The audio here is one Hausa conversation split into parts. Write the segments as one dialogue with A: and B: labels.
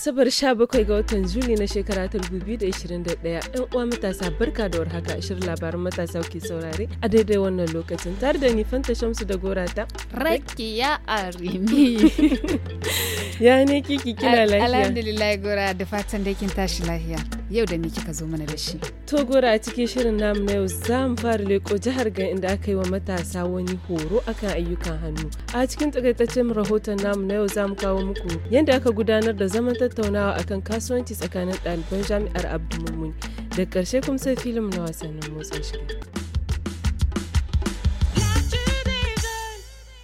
A: Asabar 17 ga watan Juni na shekara ta 2021 'yan uwa matasa barka da warhaka shirin labarin matasa ke saurare a daidai wannan lokacin tare da ni Fanta Shamsu da Gorata.
B: Rakiya Arimi.
A: Ya ne kiki kina lafiya. Alhamdulillah
B: Gora da fatan da kin tashi lahiya. yau da miki ka zo mana da shi
A: togora a cikin shirin namu na yau za mu fara leko jihar gan inda aka yi wa matasa wani horo akan ayyukan hannu a cikin takaitaccen rahoton namu na yau za mu kawo muku yadda aka gudanar da zaman tattaunawa akan kasuwanci tsakanin ɗaliban jami'ar mumuni da ƙarshe kuma sai filim na wasannin motsa shirin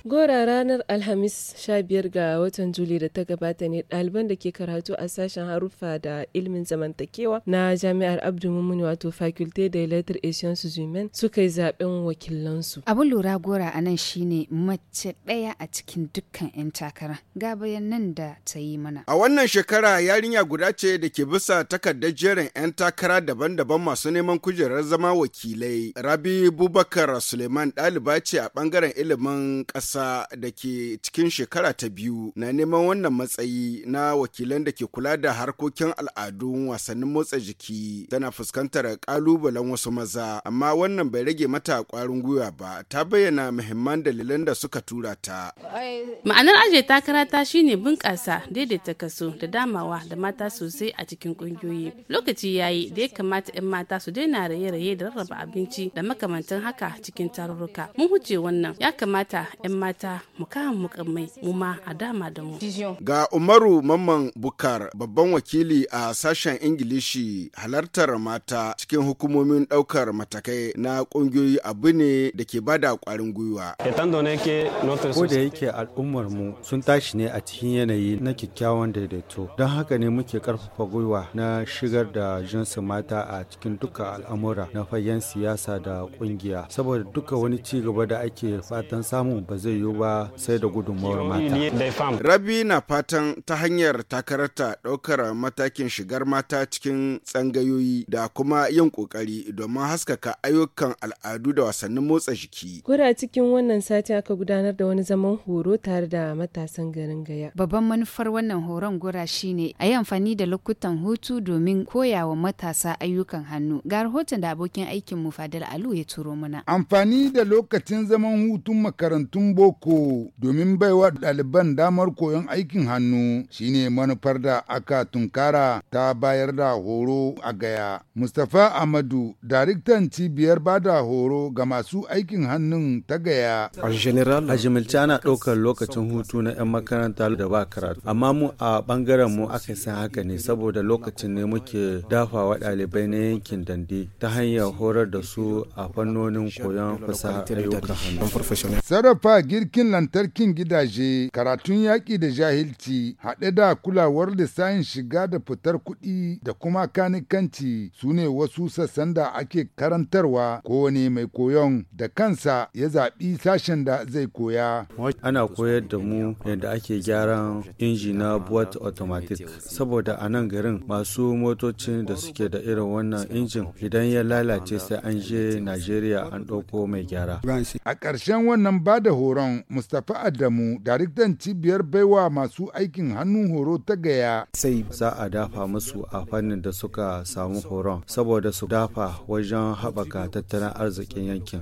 A: Gora ranar Alhamis 15 ga watan Juli da ta gabata ne ɗaliban da ke karatu a sashen haruffa da ilmin zamantakewa na Jami'ar Abdu Mumuni wato Faculté de Lettres et Sciences Humaines suka yi zaben wakilansu. Abin lura Gora a nan shine mace ɗaya a
B: cikin dukkan 'yan takara. Ga nan da ta yi mana.
C: A wannan shekara yarinya guda ce da ke bisa takardar jerin 'yan takara daban-daban masu neman kujerar zama wakilai. Rabi Bubakar Suleiman ɗaliba ce a ɓangaren ilimin ƙasa. ƙasa da ke cikin shekara ta biyu na neman wannan matsayi na wakilan da ke kula da harkokin al'adun wasannin motsa jiki tana fuskantar ƙalubalen wasu maza amma wannan bai rage mata ƙwarin gwiwa ba ta bayyana muhimman dalilan da suka tura ta.
D: Ma'anar ajiye takara ta shine bunƙasa daidaita kaso da damawa da mata sosai a cikin ƙungiyoyi. Lokaci yayi da ya kamata 'yan mata su daina raye-raye da rarraba abinci da makamantan haka cikin tarurruka. Mun huce wannan ya kamata 'yan mata mu kama mukammai mu ma a dama da mu.
C: Ga Umaru Mamman Bukar babban wakili a sashen Ingilishi halartar mata cikin hukumomin ɗaukar matakai na ƙungiyoyi abu ne da ke bada kwarin gwiwa.
E: Ko da yake al'ummar mu sun tashi ne a cikin yanayi na kyakkyawan daidaito don haka ne muke karfafa gwiwa na shigar da jinsin mata a cikin duka al'amura na fagen siyasa da ƙungiya saboda duka wani ci gaba da ake fatan samu ba zai yiwu ba sai da gudunmawar mata.
C: Rabi na fatan ta hanyar takararta ɗaukar matakin shigar mata cikin tsangayoyi da kuma yin ƙoƙari domin haskaka ayyukan al'adu da wasannin motsa jiki.
A: Kura cikin wannan sati aka gudanar da wani zaman horo
B: tare da matasan garin Gaya. Babban manufar wannan horon gura shine a yi amfani da lokutan hutu domin koya wa matasa ayyukan hannu. Ga rahoton da abokin aikin mu Fadil Alu ya turo mana.
F: Amfani da lokacin zaman hutun makarantun bo. boko domin baiwa ɗaliban damar koyon aikin hannu shine manufar da aka tunkara ta bayar da horo a gaya. Mustapha Amadu, daraktan cibiyar bada horo ga masu aikin hannun ta gaya.
E: A general, a ɗaukar lokacin hutu na 'yan makaranta da ba karatu. Amma mu a bangaren mu aka san haka ne saboda lokacin ne muke dafawa ɗalibai na yankin dande ta hanyar horar da su a fannonin koyon fasahar ayyukan hannu.
F: girkin lantarkin gidaje, karatun yaƙi da jahilci, haɗe da kulawar lissayin shiga da fitar kuɗi da kuma kanikanci su ne wasu sassan da ake karantarwa kowane mai koyon da kansa ya zaɓi sashen da zai
E: koya. Ana koyar da mu yadda ake gyaran inji na buwat automatic saboda a nan garin masu motocin da suke da irin wannan injin idan ya lalace sai an je Najeriya an ɗauko mai gyara.
F: A ƙarshen wannan bada horon Mamman Mustapha Adamu, daraktan cibiyar baiwa masu aikin hannu horo ta gaya. Sai za a dafa
E: musu a fannin da suka samu horon saboda su dafa wajen haɓaka tattalin arzikin yankin.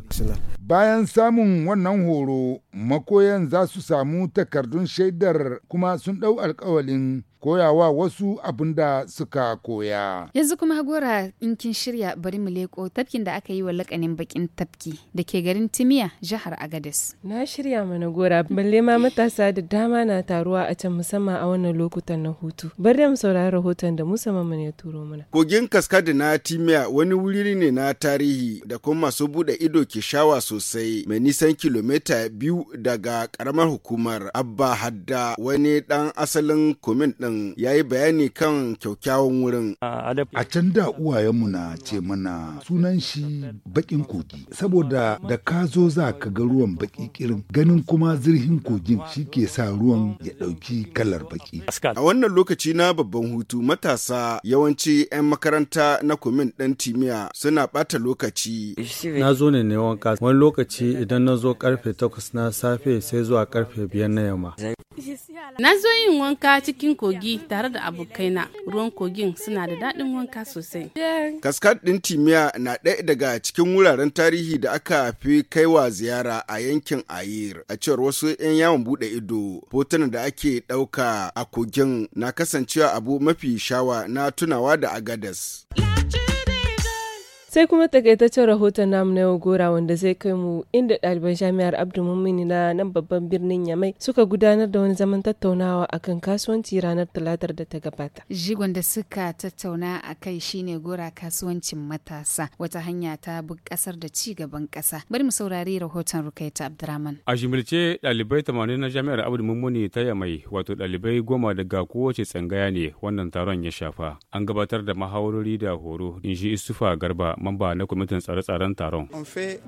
F: Bayan samun wannan horo, makoyan za su samu takardun shaidar kuma sun ɗau alkawalin koyawa wasu abin da suka koya.
B: Yanzu kuma gora in kin shirya bari mu leko tafkin da aka yi wa lakanin bakin tafki da ke garin Timiya jihar Agadez.
A: Na shirya mana gora balle ma matasa da dama na taruwa a can musamman a wannan lokutan na hutu. Bari mu saurari rahoton da Musa Mamman ya turo mana.
C: Kogin kaskadi na Timiya wani wuri ne na tarihi da kuma masu bude ido ke shawa sosai mai nisan kilomita biyu daga karamar hukumar Abba Hadda wani dan asalin kumin din wurin ya yi bayani kan kyaukyawan
F: wurin. A can da uwayenmu na ce mana sunan shi bakin kogi saboda da ka zo za ka ga ruwan baki kirin ganin kuma zirhin kogin shi ke sa ruwan ya ɗauki kalar baki. A
C: wannan lokaci na babban hutu matasa yawanci 'yan makaranta na kumin ɗan timiya suna ɓata lokaci.
E: Na zo ne ne wanka wani lokaci idan na zo karfe takwas na safe sai zuwa karfe biyar na
C: yamma.
D: Na zo yin wanka cikin kogi tare da abokaina. Ruwan kogin suna da daɗin wanka sosai.
C: Kaskar ɗin Timiya na ɗaya daga cikin wuraren tarihi da aka fi kaiwa ziyara a yankin Ayir. A cewar wasu 'yan yawon buɗe ido, hotunan da ake ɗauka a kogin na kasancewa abu mafi shawa na tunawa da Agadas.
A: Sai kuma takaitaccen rahoton namu na yau gora wanda zai kai mu inda ɗaliban jami'ar abdulmumin na nan babban birnin Yamai suka gudanar da wani zaman tattaunawa akan kasuwanci ranar Talatar da ta gabata. Jigon da suka
B: tattauna a kai shine gora kasuwancin matasa wata hanya ta bi ƙasar da ci gaban ƙasa. Bari mu saurari rahoton Rukaita Abdurrahman.
G: A jimilce ɗalibai tamanin na jami'ar abdulmumin ta Yamai wato ɗalibai goma daga kowace tsangaya ne wannan taron ya shafa. An gabatar da mahawarori da horo in ji Isufa Garba mamba na kwamitin tsare-tsaren taron.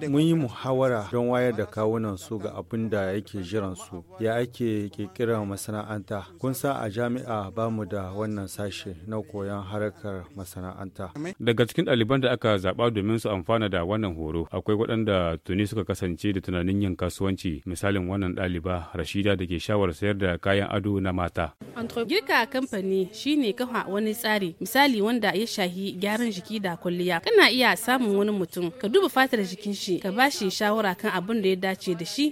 E: Mun yi muhawara don wayar da kawunan su ga abin da yake jiran su, ya ake kirkirar masana'anta. Kun sa a jami'a ba mu da wannan sashe na koyon harkar masana'anta.
G: Daga cikin ɗaliban da aka zaɓa domin su amfana da wannan horo, akwai waɗanda tuni suka kasance da tunanin yin kasuwanci, misalin wannan ɗaliba Rashida da ke shawar sayar da kayan ado na mata.
D: Girka kamfani shine kafa wani tsari, misali wanda ya shahi gyaran jiki da kwalliya. Kana iya iya samun wani mutum ka duba fatar jikin shi ka ba shi shawara kan abin da ya dace da shi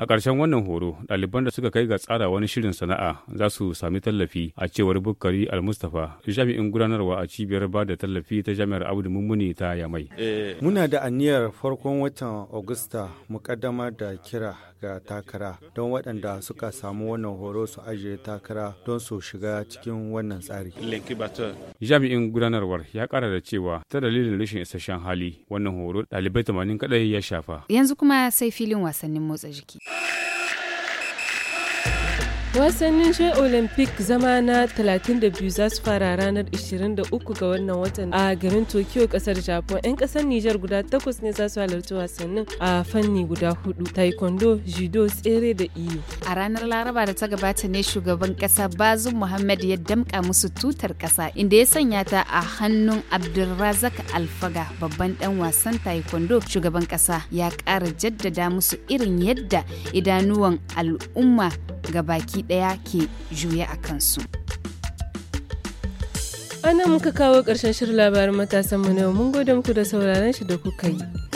G: a ƙarshen wannan horo ɗaliban da suka kai ga tsara wani shirin sana'a za su sami tallafi a cewar bukari almustafa jami'in gudanarwa a cibiyar ba da tallafi ta jami'ar abu mummuni ta yamai
E: eh. muna da aniyar farkon watan agusta mu kaddamar da kira ga takara don waɗanda suka samu wannan horo su ajiye takara don su shiga cikin wannan tsari.
G: Jami'in gudanarwar ya kara da cewa ta dalilin rashin isasshen hali wannan horo ɗalibai tamanin kadai ya shafa.
A: Yanzu kuma sai filin wasannin motsa jiki. wasannin shai olympic zama na 32 za su fara ranar 23 ga wannan watan a garin tokyo kasar japan 'yan kasar niger guda takwas ne za su halarci wasannin a fanni guda hudu taekwondo judo tsere da iyo a ranar
B: laraba da ta gabata ne shugaban kasa bazum muhammad ya damka musu tutar kasa inda ya sanya ta a hannun abdulrazak alfaga babban dan wasan taekwondo shugaban kasa ya kara jaddada musu irin yadda idanuwan al'umma
A: ga baki daya ke juya a kansu. ana muka kawo ƙarshen shirin labarin matasan mu ne mun gode muku da sauraron shi da kuka yi